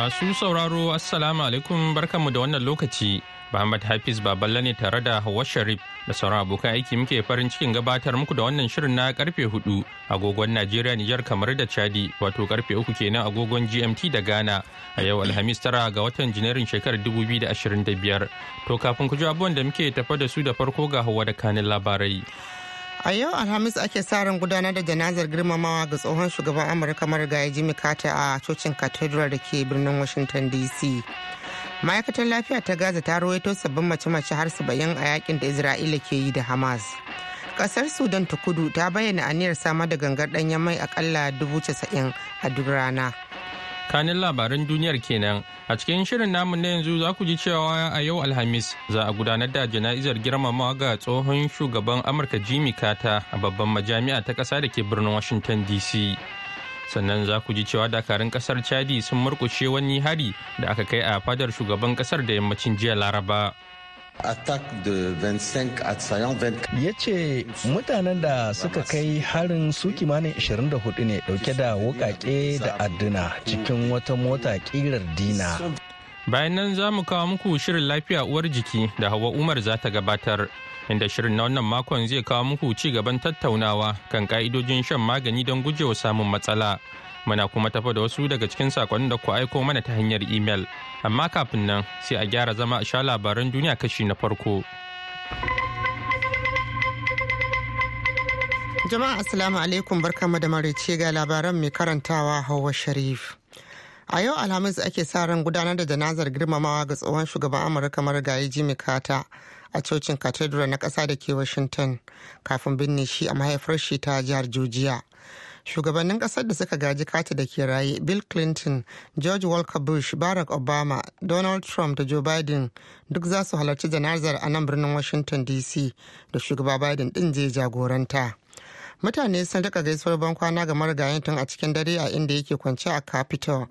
Masu sauraro Assalamu alaikum barkanmu da wannan lokaci. Muhammad Hafiz Baballe ne tare da Hawwa Sharif da sauran abokan aiki muke farin cikin gabatar muku da wannan shirin na karfe 4 agogon Najeriya niger kamar da Chadi wato karfe 3 kenan agogon GMT da Ghana a yau Alhamis tara ga watan Janairun shekarar 2025. To kafin ku ji abubuwan da muke tafa da su da farko ga Hawwa da kanin labarai. A yau Alhamis ake sa ran gudanar da janazar girmamawa ga tsohon shugaban Amurka marigayi Jimmy Carter a cocin Cathedral da ke birnin Washington DC. Ma'aikatar lafiya ta Gaza ta rawaito sabbin mace-mace har saba'in a yakin da Isra'ila ke yi da Hamas. Kasar Sudan ta kudu ta bayyana aniyar samar da gangar ɗanyen mai akalla dubu casa'in a duk rana. kanin labaran duniyar kenan a cikin shirin namu na yanzu za ku ji cewa a yau alhamis za a gudanar da jana'izar girmamawa ga tsohon shugaban amurka jimmy carter a babban majami'a ta ƙasa da ke birnin washington dc sannan za ku ji cewa dakarun ƙasar chadi sun murkushe wani hari da aka kai a fadar shugaban ƙasar da yammacin jiya laraba ya ce mutanen da suka kai harin su kimanin 24 ne dauke da wukake da adduna cikin wata mota kirar dina bayan nan za mu kawo muku shirin lafiya uwar jiki da hawa umar za ta gabatar inda shirin na wannan makon zai kawo muku ci gaban tattaunawa kan ka'idojin shan magani don gujewa samun matsala Muna kuma tafa da wasu daga cikin sakonnin da ku aiko mana ta hanyar imel. Amma kafin nan sai a gyara zama a sha labaran duniya kashi na farko. Jama'a Assalamu alaikum barkamu da maraice ga labaran mai karantawa Hauwa Sharif. A yau Alhamis ake sa ran gudanar da janazar girmamawa ga tsohon shugaban Amurka marigayi Jimmy Carter a cocin Cathedral na kasa da ke Washington kafin binne shi a mahaifar shi ta jihar Georgia. shugabannin kasar da suka gaji kati da ke raye bill clinton george walker bush barack obama donald trump da joe biden duk za su halarci janazar a nan birnin washington dc da shugaba biden din zai jagoranta mutane sun rika gaisuwar bankwana ga marigayen tun a cikin dare a inda yake kwance a capitol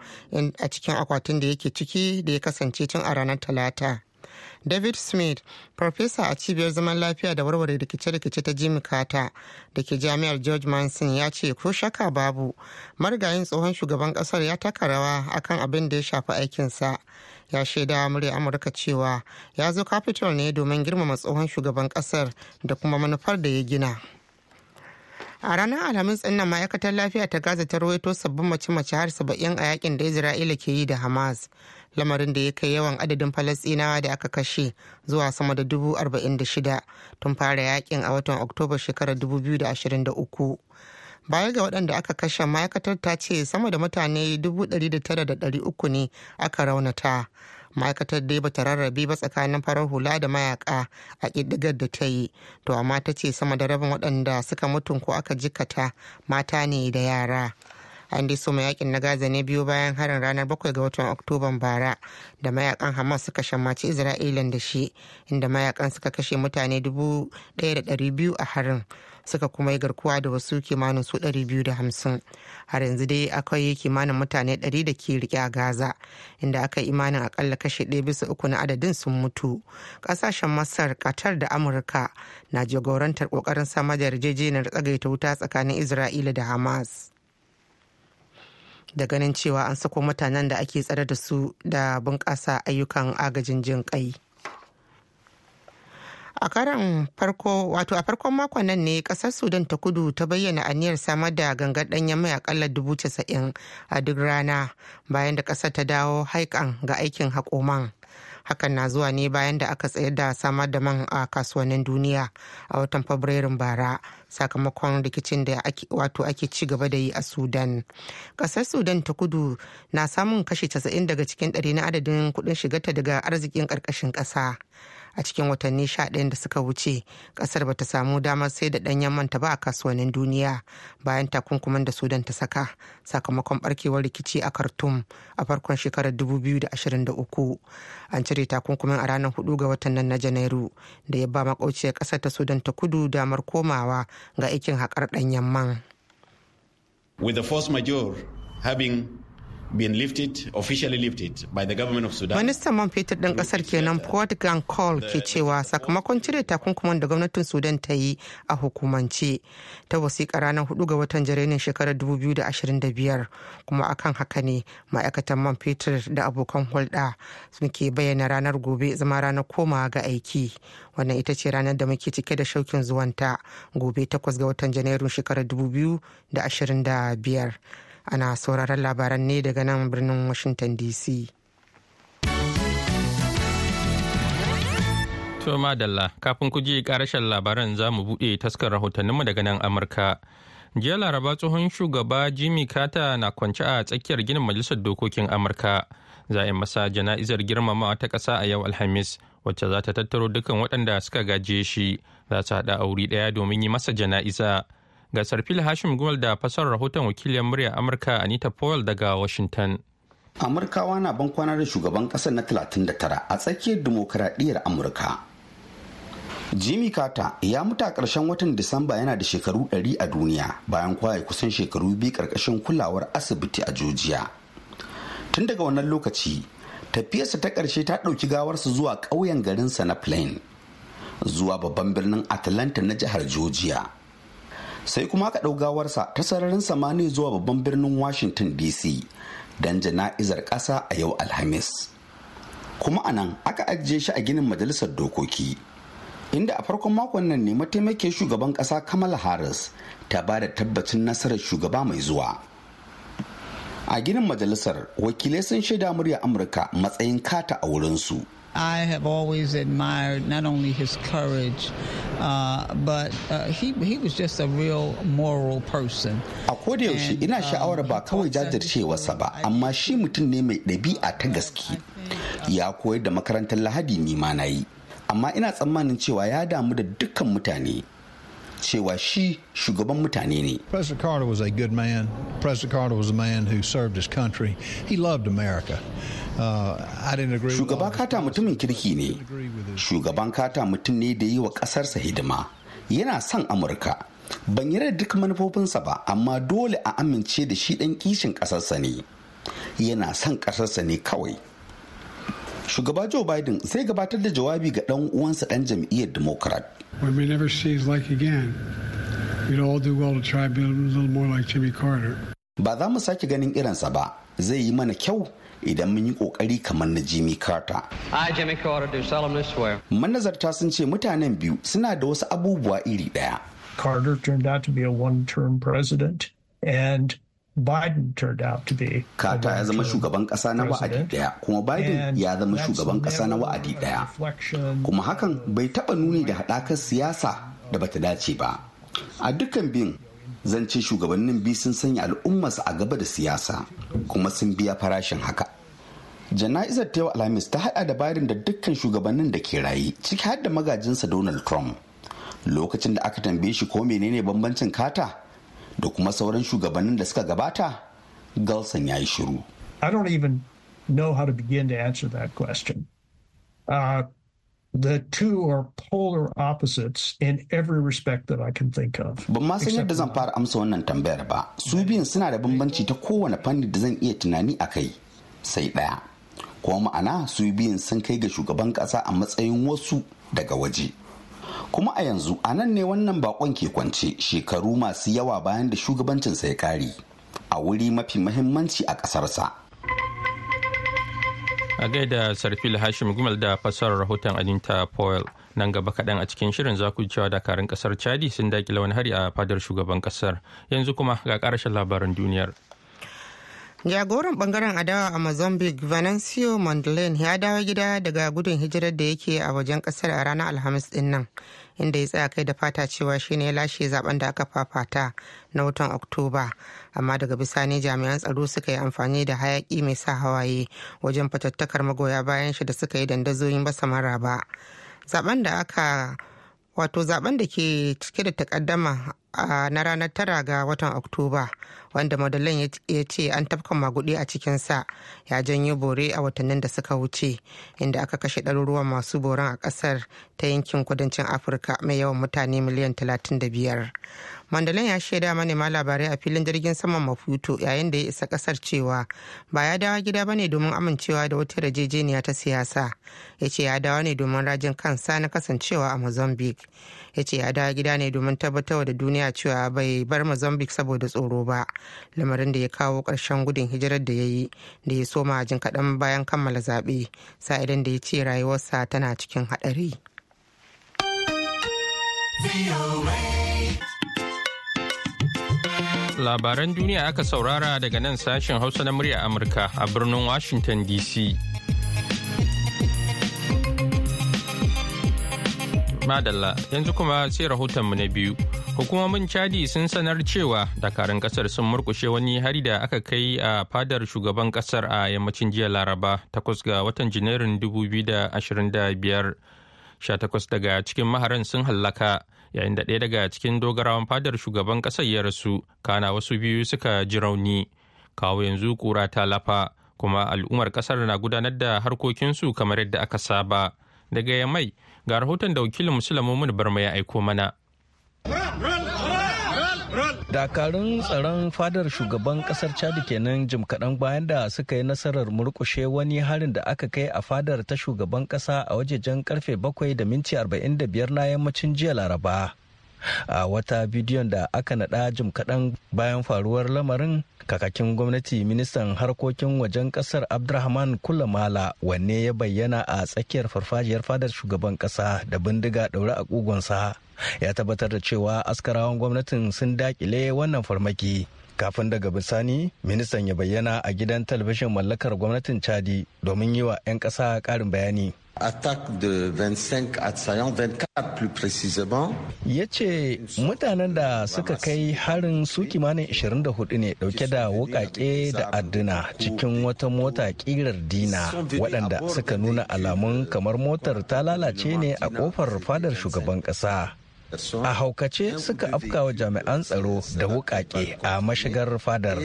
a cikin akwatin da yake ciki da ya kasance tun a ranar talata david smith farfesa a cibiyar zaman lafiya da warware rikice-rikice ta jimmy carter da ke jami'ar george manson ya ce ko shaka babu marigayin tsohon shugaban kasar ya taka rawa akan abin da ya shafi aikinsa ya shaida murya amurka cewa ya zo capitol ne domin girmama tsohon shugaban kasar da kuma manufar da ya gina a ranar alhamis ɗin ma'aikatar lafiya ta gaza ta rawaito sabbin mace-mace har saba'in a yakin da isra'ila ke yi da hamas lamarin da ya kai yawan adadin Falasinawa da aka kashe zuwa sama da dubu arba'in da shida tun fara yakin a watan oktoba shekarar 2023 baya ga waɗanda aka kashe ma'aikatar ta ce sama da mutane uku ne aka raunata ma'aikatar dai bata rarrabe ba tsakanin farar hula da mayaka a ƙiddigar da ta yi to amma ta ce sama da rabin waɗanda suka mutun ko aka jikata mata ne da yara an dai soma yakin na gaza ne biyu bayan harin ranar 7 ga watan oktoban bara da mayakan hamas suka shammaci isra'ilan da shi inda mayakan suka kashe mutane 1,200 a harin suka kuma yi garkuwa da wasu kimanin su 250 har yanzu dai akwai kimanin mutane 100 da ke rike a gaza inda aka yi imanin akalla kashe ɗaya bisa uku na adadin sun mutu ƙasashen masar katar da amurka na jagorantar ƙoƙarin samar da yarjejeniyar tsagaita wuta tsakanin isra'ila da hamas da ganin cewa an sako mutanen da ake tsare da su da bunƙasa ayyukan agajin jin ƙai. a karan farko wato a farkon makon nan ne kasar sudan ta kudu ta bayyana aniyar samar da gangar danyen mai akalla dubu casa'in a duk rana bayan da kasar ta dawo haikan ga aikin hakoman hakan na zuwa ne bayan da aka tsayar da samar da man a kasuwannin duniya a watan fabrairun bara sakamakon rikicin da wato ake ci gaba da yi a sudan kasar sudan ta kudu na samun kashi 90 daga cikin 100 na adadin kudin shigarta daga arzikin karkashin kasa a cikin watanni 11 da suka wuce kasar bata samu damar sai da danyen manta ba a kasuwannin duniya bayan takunkuman da sudan ta saka sakamakon barkewar rikici a khartoum a farkon shekarar dubu biyu da da ashirin uku. an cire takunkumin a ranar hudu ga watan nan na janairu da ya ba makauciyar kasar ta sudan ta kudu damar komawa ga aikin haƙar ɗanyen man. With the force Habin. been lifted lifted by the government Sudan. Ministan man fetur ɗin ƙasar kenan Port Grand Call ke cewa sakamakon cire takunkuman da gwamnatin Sudan ta yi a hukumance ta wasiƙa ranar 4 ga watan janairun shekarar 2025 kuma akan haka ne ma'aikatan man fetur da abokan hulɗa ke bayyana ranar gobe zama ranar komawa ga aiki wannan ita ce ranar da muke cike da shaukin zuwanta gobe 8 ga watan janairun shekarar 2025 ana sauraron labaran ne daga nan birnin washington dc To Madalla, kafin ku je karashen labaran za mu buɗe taskar rahotanninmu daga nan Amurka. Jiya Laraba tsohon shugaba Jimmy Carter na kwance a tsakiyar ginin Majalisar Dokokin Amurka. Za a masa jana'izar girmamawa ta ƙasa a yau Alhamis, wacce za ta tattaro dukkan waɗanda suka gaje shi, za su haɗa wuri ɗaya domin yi masa jana'iza. ga sarfil hashim gumal da fasar rahoton wakiliyar murya amurka anita powell daga washington amurkawa na ban da shugaban kasar na 39 a tsakiyar dimokuraɗiyyar amurka jimmy carter ya mutu a ƙarshen watan disamba yana da shekaru 100 a duniya bayan kwaye kusan shekaru biyu ƙarƙashin kulawar asibiti a Jojiya. tun daga wannan lokaci tafiyarsa ta ƙarshe ta ɗauki gawarsa zuwa ƙauyen garinsa na plain zuwa babban birnin atlanta na jihar Jojiya. sai kuma aka ɗau gawarsa ta sararin samani zuwa babban birnin washington dc don jana'izar ƙasa a yau alhamis kuma anan aka ajiye shi a ginin majalisar dokoki inda a farkon makon nan ne mataimake shugaban ƙasa kamala harris ta ba da tabbacin nasarar shugaba mai zuwa a ginin majalisar wakilai sun shaida murya amurka matsayin kata a wurinsu. I have always admired not only his courage, uh, but uh, he, he was just a real moral person. A kodayaushe ina uh, sha'awar ba kawai jajircewarsa ba, amma shi mutum ne mai ɗabi'a ta gaske. Uh, ya koyar da makarantar Lahadi ni ma na yi, amma ina tsammanin cewa ya damu da dukkan mutane. cewa shi shugaban mutane ne. President Carter was a good man. President Carter was a man who served his country. He loved America. Uh, shugaban Kata mutumin kirki ne. Shugaban Kata mutum ne da yi wa ƙasarsa hidima. Yana son Amurka. Ban yi duk manufofinsa ba, amma dole a amince da shi ɗan kishin ƙasarsa ne. Yana son ƙasarsa ne kawai. shugaba joe biden sai gabatar da jawabi ga dan uwansa dan jam'iyyar democrat we may never see his like again we'd all do well to try to be a little more like jimmy carter ba za mu sake ganin irinsa ba zai yi mana kyau idan mun yi kokari kamar na Jimmy Carter. Jimmy Carter, Manazarta sun ce mutanen biyu suna da wasu abubuwa iri ɗaya. Carter turned out to be a one-term president and Biden turned out to be. Carter ya zama shugaban kasa na wa'adi daya kuma Biden ya zama shugaban kasa na wa'adi daya. Kuma hakan bai taba nuni da haɗakar siyasa da bata dace ba. A dukkan bin zance shugabannin bi sun sanya su a gaba da siyasa kuma sun biya farashin haka. Jana'izar ta yau Alhamis ta haɗa da Biden da dukkan shugabannin da ke raye ciki har da magajinsa Donald Trump. Lokacin da aka tambaye shi ko menene bambancin kata da kuma sauran shugabannin da suka gabata galson ya yi shiru i don't even know how to begin to answer that question uh, the two are polar opposites in every respect that I can think of. Ban ma san yadda zan fara amsa wannan tambayar ba. Su biyun suna da bambanci ta kowane fanni da zan iya tunani a kai sai ɗaya. Kuma ma'ana su biyun sun kai ga shugaban ƙasa a matsayin wasu daga waje. kuma a yanzu a nan ne wannan bakon ke kwance shekaru masu yawa bayan da shugabancinsa ya kare a wuri mafi mahimmanci a ƙasarsa. a gaida sarfil hashim gumal da fasar rahoton alinta poil nan gaba kaɗan a cikin shirin ku cewa dakarun ƙasar chadi sun dakila wani hari a fadar shugaban ƙasar yanzu kuma ga ƙarashin labaran duniyar. jagoran bangaren adawa a mozambique venancio mondlane ya dawo gida daga gudun hijirar da yake a wajen kasar a ranar alhamis din nan inda ya tsaya kai da fata cewa shine ya lashe zaben da aka fafata na watan oktoba amma daga bisani jami'an tsaro suka yi amfani da hayaki mai sa hawaye wajen fatattakar magoya bayan shi da suka yi dandazoyin basa maraba zaben da aka wato zaben da ke cike da takaddama na ranar tara ga watan oktoba wanda madalin ya ce an tafka maguɗi a cikinsa ya janyo bore a watannin da suka wuce inda aka kashe ɗaruruwan masu boron a ƙasar ta yankin kudancin afirka mai yawan mutane miliyan 35 Mandalin ya shaida manema labarai a filin jirgin saman maputo yayin da ya isa kasar cewa ba ya dawo gida bane domin amincewa da wata yarjejeniya ta siyasa ya ce ya dawo ne domin rajin kansa na kasancewa a mozambique ya ce ya dawo gida ne domin tabbatar da duniya cewa bai bar mozambique saboda tsoro ba lamarin da ya kawo ƙarshen gudun hijirar da ya yi da ya soma jin kaɗan bayan kammala zaɓe idan da ya ce rayuwarsa tana cikin haɗari. Labaran duniya aka saurara daga nan sashen Hausa na murya Amurka a birnin Washington DC. Madalla yanzu kuma sai rahotonmu na biyu. Hukumomin Chadi sun sanar cewa dakarun kasar sun murkushe wani hari da aka kai a fadar shugaban kasar a yammacin jiya Laraba takwas ga watan Janairun 2025. 18 daga cikin maharan sun hallaka. yayin da ɗaya daga cikin dogarawan fadar shugaban ƙasar ya rasu kana wasu biyu suka ji rauni kawo yanzu kura ta lafa kuma al'ummar ƙasar na gudanar da harkokinsu kamar yadda aka saba daga yamai ga rahoton da wakilin mun barma ya aiko mana. dakarun tsaron fadar shugaban kasar chad kenan jim kaɗan bayan da suka yi nasarar murkushe wani harin da aka kai a fadar ta shugaban ƙasa a wajejen karfe 7 da minti 45 na yammacin jiya laraba a wata bidiyon da aka naɗa jim kaɗan bayan faruwar lamarin kakakin gwamnati ministan harkokin wajen kasar abdurrahman kulamala wanne ya bayyana a tsakiyar farfajiyar fadar shugaban kasa da bindiga daure a kugonsa ya tabbatar da cewa askarawan gwamnatin sun dakile wannan farmaki kafin daga bisani ministan ya bayyana a gidan talabishin mallakar gwamnatin chadi domin yi wa 'yan ƙasa ƙarin bayani attaque de 25 assaillants, 24 plus précisément. Ya ce mutanen da suka kai harin su kimanin 24 ne dauke da wukake da adduna cikin wata mota kirar dina waɗanda suka nuna alamun kamar motar ta lalace ne a kofar fadar shugaban ƙasa. a haukace suka afka wa jami'an tsaro da wukake a mashigar fadar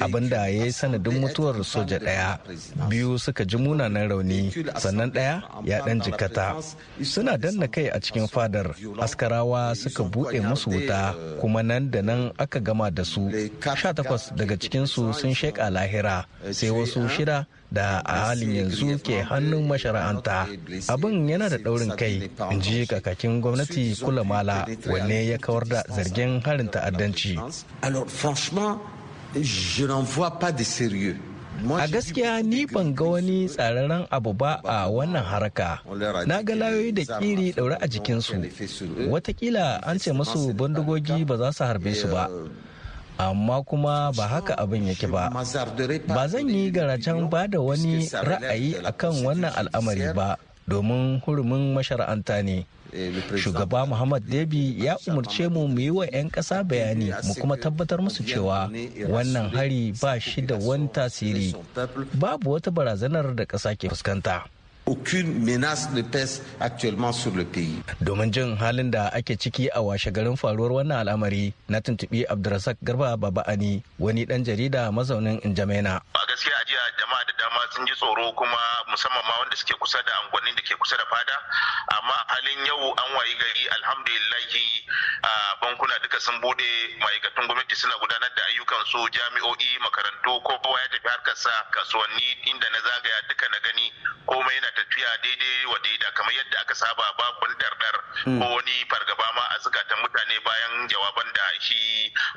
abinda ya yi sanadin mutuwar soja daya biyu suka ji munanan rauni sannan daya ya dan jikata suna danna kai a cikin fadar askarawa suka buɗe musu wuta uh, kuma nan da nan aka gama da su 18 daga cikinsu sun sheƙa lahira sai wasu shida da a halin yanzu ke hannun mashara'anta abin yana da daurin kai in ji kakakin gwamnati kula mala wanne ya kawar da zargin harin ta'addanci a gaskiya ni ban ga wani tsararren abu ba a wannan haraka na ga layoyi da kiri daure a jikinsu watakila an ce masu bandugogi ba za su harbe su ba euh, amma kuma ba haka abin yake ba ba zan yi garacen ba da wani ra'ayi akan wannan al'amari ba domin hurumin mashara'anta ne shugaba muhammad debi ya umarce mu mu yi wa 'yan kasa bayani mu kuma tabbatar musu cewa wannan hari ba shi da wani tasiri babu wata barazanar da ƙasa ke fuskanta aucune menace ne pèse actuellement sur le pays. Domin jin halin da ake ciki a washe garin faruwar wannan al'amari na tuntubi Abdulrasak Garba Baba'ani wani dan jarida mazaunin Injamena. A gaskiya a jiya jama'a da dama sun ji tsoro kuma musamman ma wanda suke kusa da angwanin da ke kusa da fada amma halin yau an wayi gari alhamdulillahi bankuna duka sun bude ma'aikatan gwamnati suna gudanar da ayyukan su jami'o'i makarantu ko kowa ya tafi harkarsa kasuwanni inda na zagaya duka na gani komai na. tafiya daidai wa daida kamar yadda aka saba babu dardar hmm. ko wani fargaba ma a zukatan mutane bayan jawaban da shi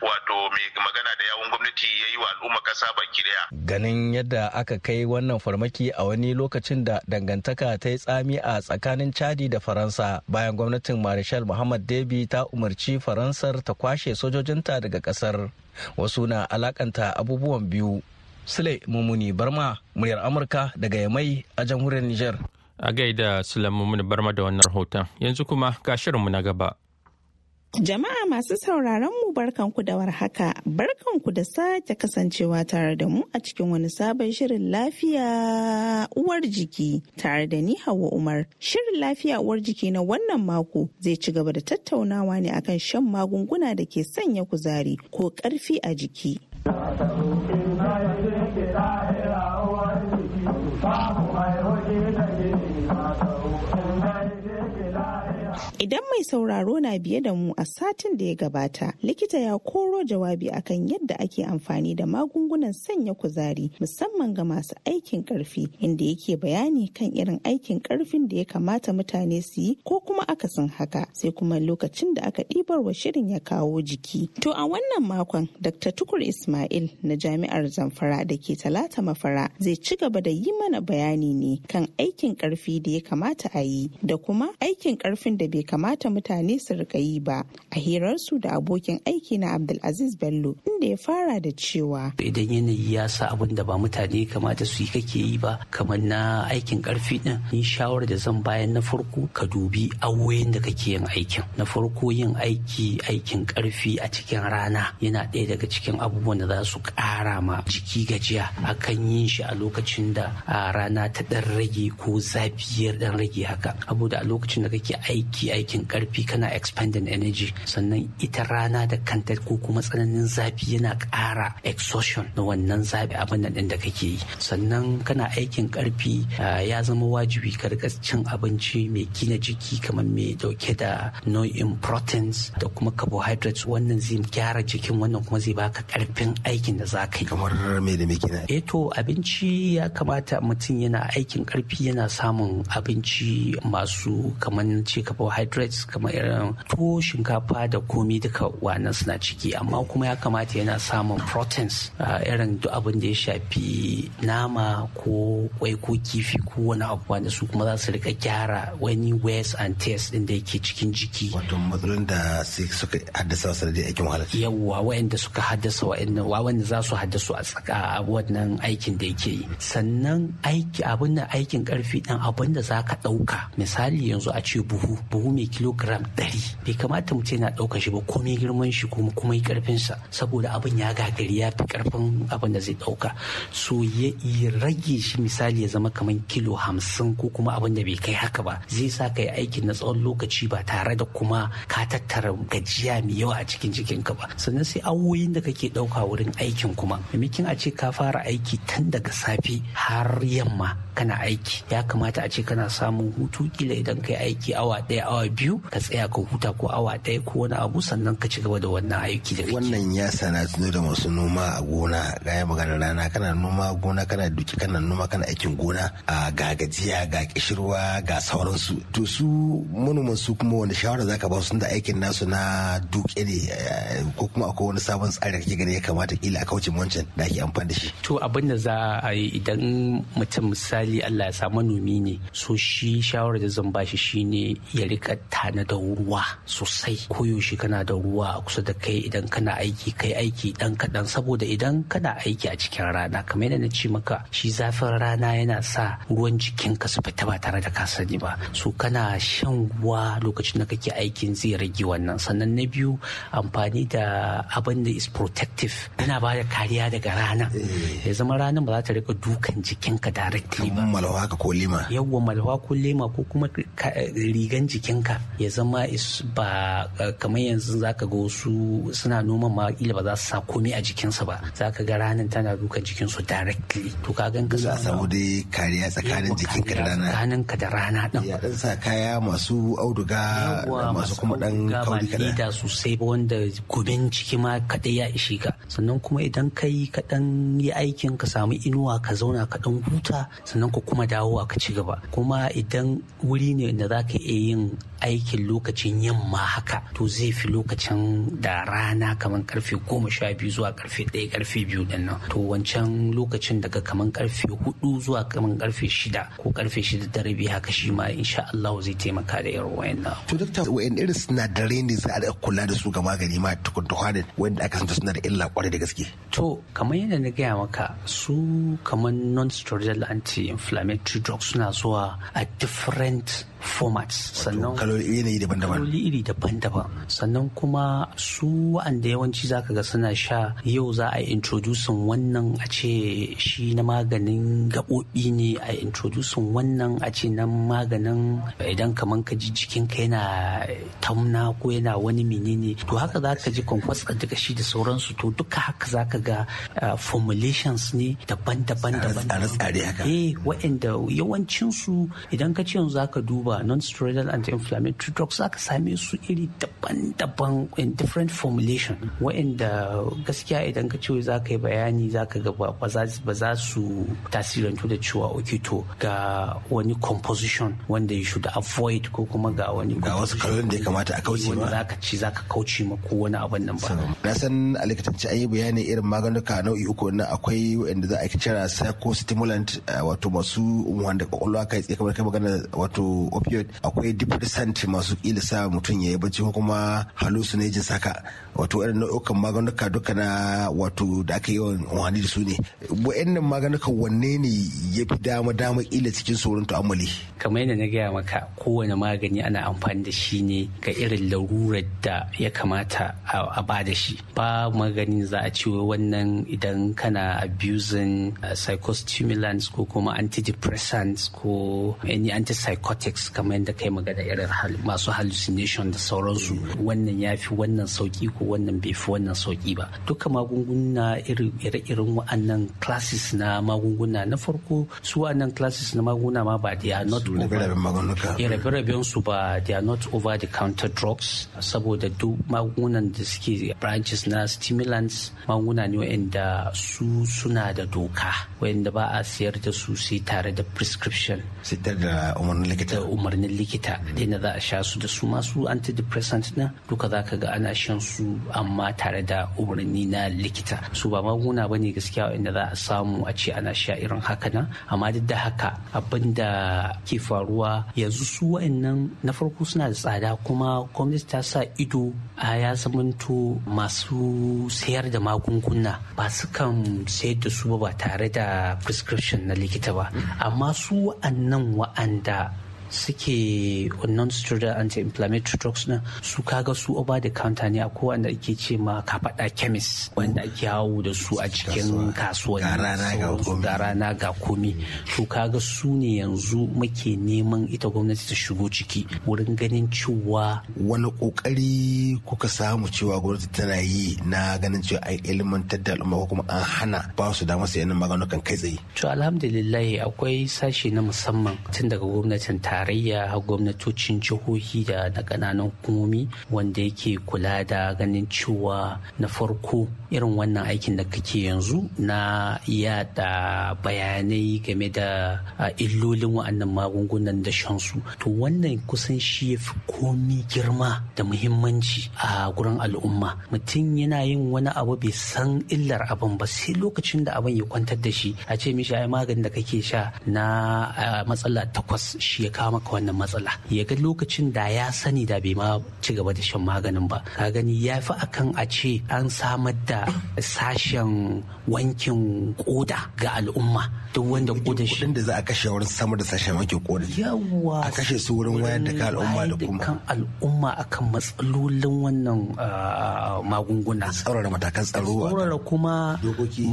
wato mai magana da yawun gwamnati ya yi wa al'umma kasa baki daya. Ganin yadda aka kai wannan farmaki a wani lokacin da dangantaka ta yi tsami a tsakanin Chadi da Faransa bayan gwamnatin Marishal Muhammad Debi ta umarci Faransar ta kwashe sojojinta daga kasar. Wasu na alakanta abubuwan biyu Sule Mumuni Barma muryar Amurka daga Yamai a jamhuriyar Nijar. A gaida Sule Mumuni Barma da wannan rahoton yanzu kuma ga shirinmu na gaba. Jama'a masu sauraron mu barkanku da warhaka, barkanku da sake kasancewa tare da mu a cikin wani sabon shirin lafiya uwar jiki tare da ni Hauwa Umar. Shirin lafiya uwar jiki na wannan mako zai ci gaba da tattaunawa ne akan shan magunguna da ke sanya kuzari ko karfi a jiki. Ba Idan mai sauraro na biye da mu a satin da ya gabata, likita ya koro jawabi akan yadda ake amfani da magungunan sanya kuzari musamman ga masu aikin karfi inda yake bayani kan irin aikin karfin da ya kamata mutane su yi ko kuma akasin haka sai kuma lokacin da aka ɗibar wa shirin ya kawo jiki. To a wannan makon Dr. Tukur Ismail na Jami'ar Zamfara da ke Talata Mafara zai ci gaba da yi mana bayani ne kan aikin karfi da ya kamata a yi da kuma aikin karfin da bai kamata mutane su rika yi ba a hirarsu da abokin aiki na abdulaziz bello inda ya fara da cewa idan yanayi ya sa abin da ba mutane kamata su yi kake yi ba kamar na aikin karfi din ni shawarar da zan bayan na farko ka dubi awoyin da kake yin aikin na farko yin aiki aikin karfi a cikin rana yana ɗaya daga cikin abubuwan da za su ƙara ma jiki gajiya akan yin shi a lokacin da rana ta ɗan dan rage ko zafi ya dan rage haka saboda a lokacin da kake aiki aikin karfi kana expanding energy sannan ita rana da kanta ko kuma tsananin zafi yana ƙara exhaustion na wannan zafi abin nan din da kake yi sannan kana aikin karfi ya zama wajibi ka cin abinci mai gina jiki kamar mai dauke da nau'in proteins da kuma carbohydrates wannan zai gyara jikin wannan kuma zai baka karfin aikin da za ka yi kamar me da me gina. eh to abinci ya kamata mutum yana aiki aikin karfi yana samun abinci masu kamar ce carbohydrates kamar irin tuwo shinkafa da komi duka wannan suna ciki amma kuma ya kamata yana samun proteins irin duk abin da ya shafi nama ko kwai ko kifi ko wani abu wanda su kuma za su rika gyara wani wears and tears din da yake cikin jiki wato matsalolin da suka haddasa da aikin wahala yawwa wanda suka haddasa wa? wanda za su haddasa a tsaka wannan aikin da yake yi sannan aiki abin wannan aikin karfi ɗin abin da za ka ɗauka misali yanzu a ce buhu buhu mai kilogram ɗari bai kamata mutum yana ɗauka shi ba komai girman shi kuma kuma karfinsa saboda abin ya gagari ya fi karfin abin da zai ɗauka so ya rage shi misali ya zama kamar kilo hamsin ko kuma abin da bai kai haka ba zai sa ka yi aikin na tsawon lokaci ba tare da kuma ka tattara gajiya mai yawa a cikin jikinka ba sannan sai awoyin da kake ɗauka wurin aikin kuma maimakon a ce ka fara aiki tun daga safe har yamma kana aiki ya kamata a ce kana samun hutu kila idan kai aiki awa ɗaya awa biyu ka tsaya ka huta ko awa ɗaya ko wani abu sannan ka ci gaba da wannan aiki da wannan ya sana tuno da masu noma a gona ga ya magana rana kana noma gona kana duki kana noma kana aikin gona a ga gajiya ga kishirwa ga sauransu to su manoman su kuma wani shawara zaka ba su da aikin nasu na duke ne eh, ko kuma akwai wani sabon tsari kake gani ya kamata kila a kauce wancan da ake amfani da shi to abin da za a yi idan mutum misali misali Allah ya sa manomi ne so shi shawarar da zan bashi shine ya rika tana da ruwa sosai koyaushe kana da ruwa a kusa da kai idan kana aiki kai aiki dan kaɗan saboda idan kana aiki a cikin rana kamar yadda na ce maka shi zafin rana yana sa ruwan jikin ka su fita ba tare da ka sani ba so kana shan ruwa lokacin da kake aikin zai rage wannan sannan na biyu amfani da abin da is protective yana ba da kariya daga rana eh. ya zama ranar ba za ta rika dukan jikinka directly ba malwa ka ko lima yawwa malwa ko lima ko kuma rigan jikinka ya zama ba eh, kamar yanzu zaka ga wasu suna noman ma ila ba za su sa komai a jikinsa ba zaka ga ranar tana duka jikinsu directly to ka gan ka samu dai kariya tsakanin jikinka da rana tsakanin ka da rana din ya dan sa kaya masu auduga masu kuma dan kauri kadan da sosai ba wanda gobin ciki ma kadai ya ishi ka sannan kuma idan kai ka dan yi aikin ka samu inuwa ka zauna ka dan huta sannan Ko kuma dawo ka ci gaba kuma idan wuri ne da za ka iya yin aikin lokacin yamma haka to zai fi lokacin da rana kamar karfe goma sha biyu zuwa karfe ɗaya karfe biyu din nan to wancan lokacin daga kamar karfe hudu zuwa kamar karfe shida ko karfe shida da rabi haka shi ma insha Allah zai taimaka da wayan wayannan. To dokta wayan irin sinadarai ne za a kula da su ga magani ma tukun tukwanin wanda aka santa suna da illa kwarai da gaske. To kamar yadda na gaya maka su kamar non-steroidal anti-inflammatory drugs suna zuwa a different formats sannan kaloli iri daban-daban kaloli iri daban-daban sannan kuma su wa'anda yawanci zaka ga suna sha yau za a introduce wannan a ce shi na maganin gaɓoɓi ne a introdusin wannan a ce na maganin idan kaman ka ji jikin ka yana tamna ko yana wani menene to haka za ka ji a daga shi da sauransu to duka haka za ka ga uh, formulations ne daban-daban daban daban daban tsare haka eh yawancinsu idan ka ce yanzu za ka duba zuwa non-steroidal anti-inflammatory drugs aka same su iri daban-daban in different formulation wa'inda gaskiya idan ka ce za ka yi bayani za ka ga ba za su tasirantu da cewa oke to ga wani composition wanda you should avoid ko kuma ga wani ga wasu kalolin da ya kamata a kauce ma za ka ci za ka kauce ma ko wani abin nan ba na san a likitance an yi bayani irin maganuka nau'i uku na akwai wanda za a kira psychostimulant eh, wato masu wanda kwakwalwa kai tsaye kamar kai magana wato opioid akwai depressant masu kila sa mutum ya yi bacci ko kuma hallucinogens haka wato irin nau'ukan maganuka duka na wato da aka yi wani da su ne wa'annan maganuka wanne ne ya fi dama dama ila cikin sauran amali kamar yadda na gaya maka kowane magani ana amfani da shi ne ga irin larurar da ya kamata a ba da shi ba magani za a ce wannan idan kana abusing uh, psychostimulants ko kuma antidepressants ko any antipsychotics kamar yadda kai magana irin masu hallucination da sauransu wannan ya fi wannan sauki ko wannan bai fi wannan sauki ba duka magunguna ire-iren wa'annan classes na magunguna na farko su wa'annan classes na magunguna ma ba they are not rabe-raben eh, su ba they are not over the counter drugs saboda duk magungunan da suke branches na stimulants magunguna ne wa'anda su suna da doka wa'anda ba a siyar da su sai tare da prescription sai tare da umarnin likita umarnin likita hmm. daina za a sha su da su masu antidepressant na duka za ka ga ana shan su amma tare da umarni na likita su ba maguna ba ne gaskiya inda za a samu a ce ana sha irin haka na? amma duk da haka abin da ke faruwa yanzu su wa'annan na farko suna da tsada kuma gwamnati ta sa ido a ya zamanto masu sayar da magunguna ba su kan sayar da su ba tare da prescription na likita ba hmm. amma su wa'annan wa'anda suke wannan steroid anti-inflammatory drugs na su kaga su over the counter ne a wanda ake ce ma kafaɗa chemist wanda ake hawo da su a cikin kasuwanni ga rana ga komi su kaga su ne yanzu muke neman ita gwamnati ta shigo ciki wurin ganin cewa wani kokari kuka samu cewa gwamnati tana yi na ganin cewa an ilmantar da al'umma ko kuma an hana ba su damar sayan maganukan kai tsaye to alhamdulillah akwai sashi na musamman tun daga gwamnatin ta tarayya gwamnatocin jihohi da na kananan hukumomi wanda yake kula da ganin cewa na farko irin wannan aikin da kake yanzu na yada bayanai game da illolin wa'annan magungunan da shansu to wannan kusan shi ya fi komi girma da muhimmanci a gurin al'umma mutum yana yin wani abu bai san illar abin ba sai lokacin da abin ya kwantar da shi a ce mishi ai maganin da kake sha na matsala takwas shi ya kama maka wannan matsala ya ga lokacin da ya sani da bai ma ci gaba da shan maganin ba ka gani ya fi akan a ce an samar da sashen wankin koda ga al'umma duk wanda koda shi da za a kashe wurin samar da sashen wankin koda yawa a kashe su wurin wayar da ka al'umma da kuma kan al'umma akan matsalolin wannan ah, magunguna tsaurara matakan tsaro tsaurara kuma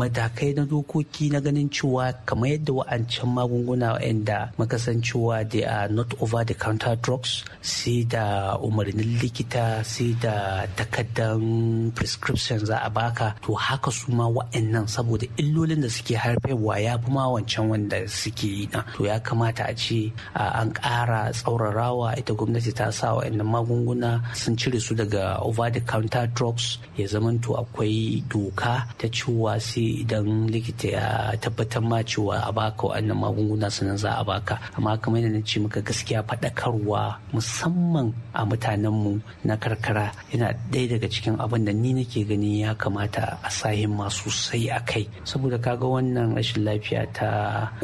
matakai na dokoki na ganin cewa kamar yadda wa'ancan magunguna wa'anda muka san cewa da ah, not over the counter drugs sai da umarnin likita sai da takaddan prescription za a baka to haka su ma wa'annan saboda illolin da suke haifarwa ya fi ma wancan wanda suke yi na to ya kamata a ce an ƙara tsaurarawa ita gwamnati ta sa wa'annan magunguna sun cire su daga over the counter drugs ya zama zamanto akwai doka ta cewa sai idan likita ya tabbatar ma cewa a baka wa'annan magunguna sannan za a baka amma kamar yadda na ce ga gaskiya faɗakarwa musamman a mutanenmu na karkara yana ɗaya daga cikin abin da ni nake ganin ya kamata a sahin ma sosai a kai saboda kaga wannan rashin lafiya ta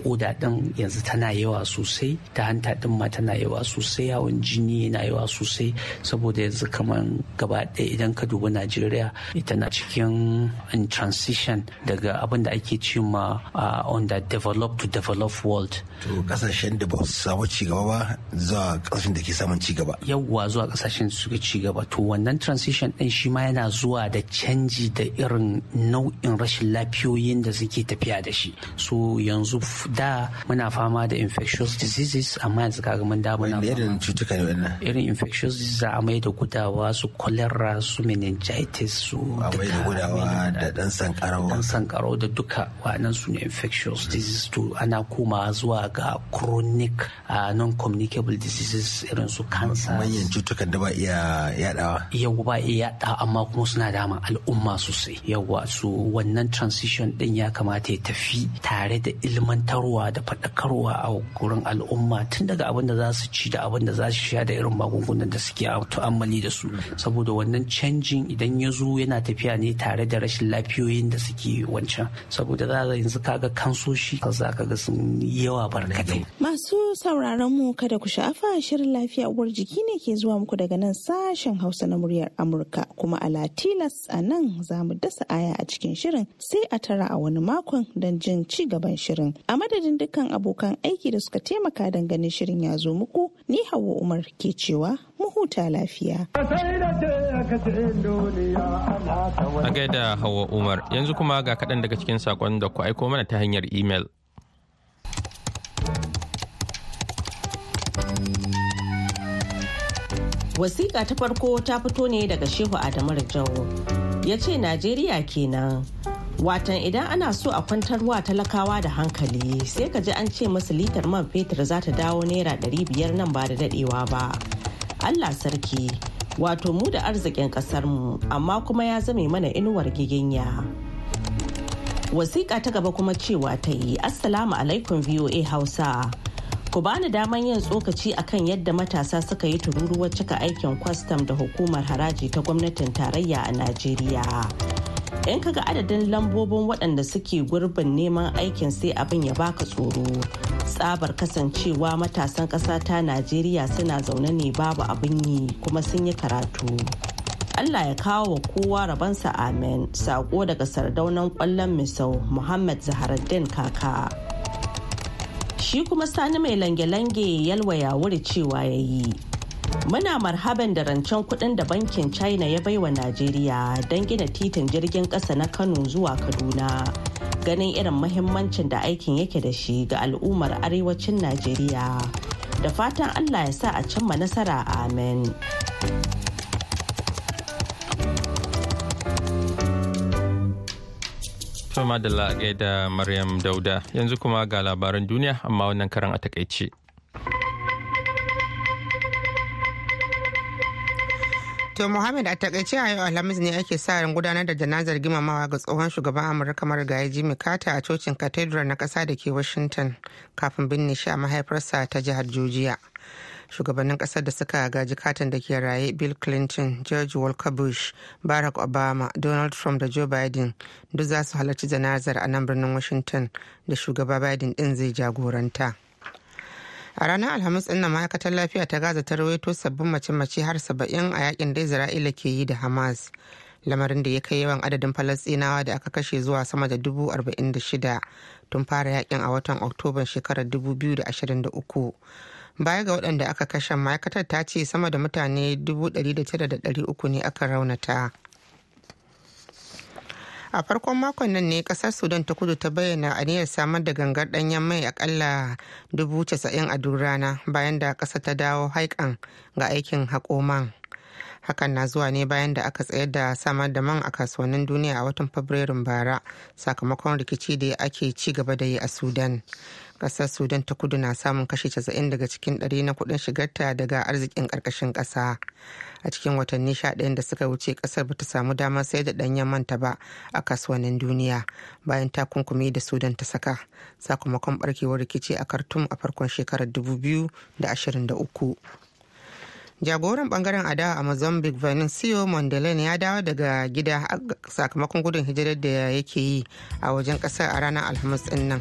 koda ɗin yanzu tana yawa sosai ta hanta ɗin ma tana yawa sosai yawan jini yana yawa sosai saboda yanzu kamar gaba ɗaya idan ka duba najeriya ita na cikin in transition daga abin da ake cima ma ah, on the developed to developed world to kasashen da ba su samu ci gaba ba zuwa kasashen da ke samun ci gaba yawwa zuwa kasashen suka ci gaba to wannan transition din shi ma yana zuwa da canji da irin nau'in rashin lafiyoyin da suke tafiya da shi so yanzu da muna fama da infectious diseases amma yanzu kaga mun da muna irin cutuka ne wannan irin infectious diseases amai da gudawa su cholera su meningitis su amai da gudawa da dan sankarau dan sankarau da duka nan su ne infectious diseases to ana koma zuwa ga chronic uh, non-communicable diseases irin su cancer manyan cutukan da ba iya yadawa yau ba iya yada amma kuma suna dama al'umma sosai yawa su wannan transition din ya kamata ya tafi tare da ilmantarwa da faɗakarwa a gurin al'umma tun daga abin da za su ci da abin da za su sha da irin magungunan da suke tu'ammali da su saboda wannan canjin idan ya zo yana tafiya ne tare da rashin lafiyoyin da suke wancan saboda za yanzu kaga kansoshi za ka ga sun yawa barkatai masu sauraron mu kada ku sha'afa shirin lafiya uwar jiki ne ke zuwa muku daga nan sashen Hausa na muryar Amurka kuma a Latilas a nan za mu dasa aya a cikin shirin sai a tara a wani makon don jin ci gaban shirin. A madadin dukkan abokan aiki da suka taimaka don ganin shirin ya zo muku ni Hauwa Umar ke cewa mu huta lafiya. A gaida Hauwa Umar yanzu kuma ga kaɗan daga cikin saƙon da ku aiko mana ta hanyar imel. Wasiƙa ta farko ta fito ne daga Shehu Adamu Rijau. Ya ce Najeriya kenan. Watan idan ana so a kwantar wa talakawa da hankali sai ka ji an ce masu litar man fetur za ta dawo naira ɗari biyar nan ba da daɗewa ba. Allah sarki wato mu da arzikin mu. amma kuma ya zame mana inuwar giginya. Wasiƙa ta gaba kuma cewa ta yi Assalamu alaikum VOA Hausa. ku bani daman yin tsokaci akan yadda matasa suka yi tururuwar cika aikin kwastam da hukumar haraji ta gwamnatin tarayya a najeriya in kaga adadin lambobin waɗanda suke gurbin neman aikin sai abin ya baka tsoro tsabar kasancewa matasan ƙasa ta najeriya suna zaune ne babu abin yi kuma sun yi karatu allah ya kawo wa kowa rabansa amen sako daga sardaunan ƙwallon misau muhammad zaharaddin kaka Shi kuma sani mai lange-lange yalwaya wuri cewa ya yi. Muna marhaban da rancen kuɗin da bankin China ya baiwa Najeriya don gina titin jirgin ƙasa na Kano zuwa Kaduna. Ganin irin mahimmancin da aikin yake da shi ga al'ummar arewacin Najeriya. Da fatan Allah ya sa a cimma nasara amen. da Madalla da Maryam Dauda yanzu kuma ga labaran duniya amma wannan karan a takaice. To Muhammad a takaice a yau Alhamis ne ake sa ran gudanar da janazar gimamawa ga tsohon shugaban Amurka marigayi Jimmy Carter a cocin Cathedral na kasa da ke Washington kafin binne shi a mahaifarsa ta jihar Georgia. shugabannin kasar da suka gaji katin da ke raye bill clinton george walker bush barack obama donald trump da joe biden duk za su halarci janazar a nan birnin washington da shugaba biden din zai jagoranta a ranar alhamis ɗin ma'aikatar lafiya ta gaza ta rawaito sabbin mace-mace har saba'in a yakin da isra'ila ke yi da hamas lamarin da ya kai yawan adadin falastinawa da aka kashe zuwa sama da dubu arba'in da shida tun fara yakin a watan oktoban shekarar dubu biyu da ashirin da uku baya ga waɗanda aka kashe ma'aikatar ta ce sama da mutane 1,300 ne aka raunata a farkon makon nan ne kasar sudan ta kudu ta bayyana aniyar samar da gangar danyen mai akalla 90,000 a duk rana bayan da ƙasa ta dawo haikan ga aikin haƙoman hakan na zuwa ne bayan da aka tsayar da samar da man a kasuwannin duniya a watan fabrairun bara sakamakon rikici da ake ci gaba da yi a sudan kasar sudan ta kudu na samun kashi casa'in daga cikin 100 na kudin shigarta daga arzikin karkashin kasa a cikin watanni 11 da suka wuce kasar bata samu damar sayar da danyen manta ba a kasuwannin duniya bayan takunkumi da sudan ta saka sakamakon barkewar rikici a khartoum a farkon shekarar dubu biyu da da ashirin uku. jagoran bangaren adawa a mozambique venancio mondlane ya dawo daga gida sakamakon gudun hijirar da yake yi a wajen kasar a ranar alhamis din nan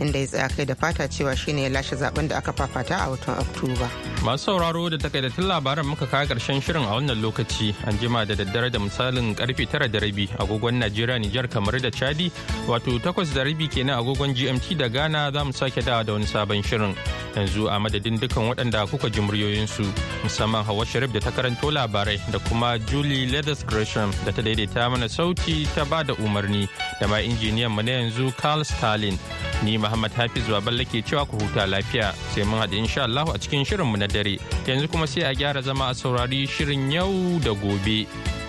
inda ya tsaya kai da fata cewa shine ya lashe zaben da aka fafata a watan oktoba masu sauraro da takaitattun labaran muka kawo karshen shirin a wannan lokaci an jima da daddare da misalin karfe tara da rabi agogon najeriya nijar kamar da chadi wato takwas da rabi kenan agogon gmt da ghana za mu sake dawa da wani sabon shirin yanzu a madadin dukkan waɗanda kuka ji muryoyinsu musamman musamman Hawa Sharif da ta karanto labarai da kuma Julie Leathers Gresham da ta daidaita mana sauti ta ba da umarni da ma injiniyan mu na yanzu Carl Stalin. Ni Muhammad Hafiz Baballe ke cewa ku huta lafiya sai mun haɗu insha Allah a cikin shirin mu na dare. Yanzu kuma sai a gyara zama a saurari shirin yau da gobe.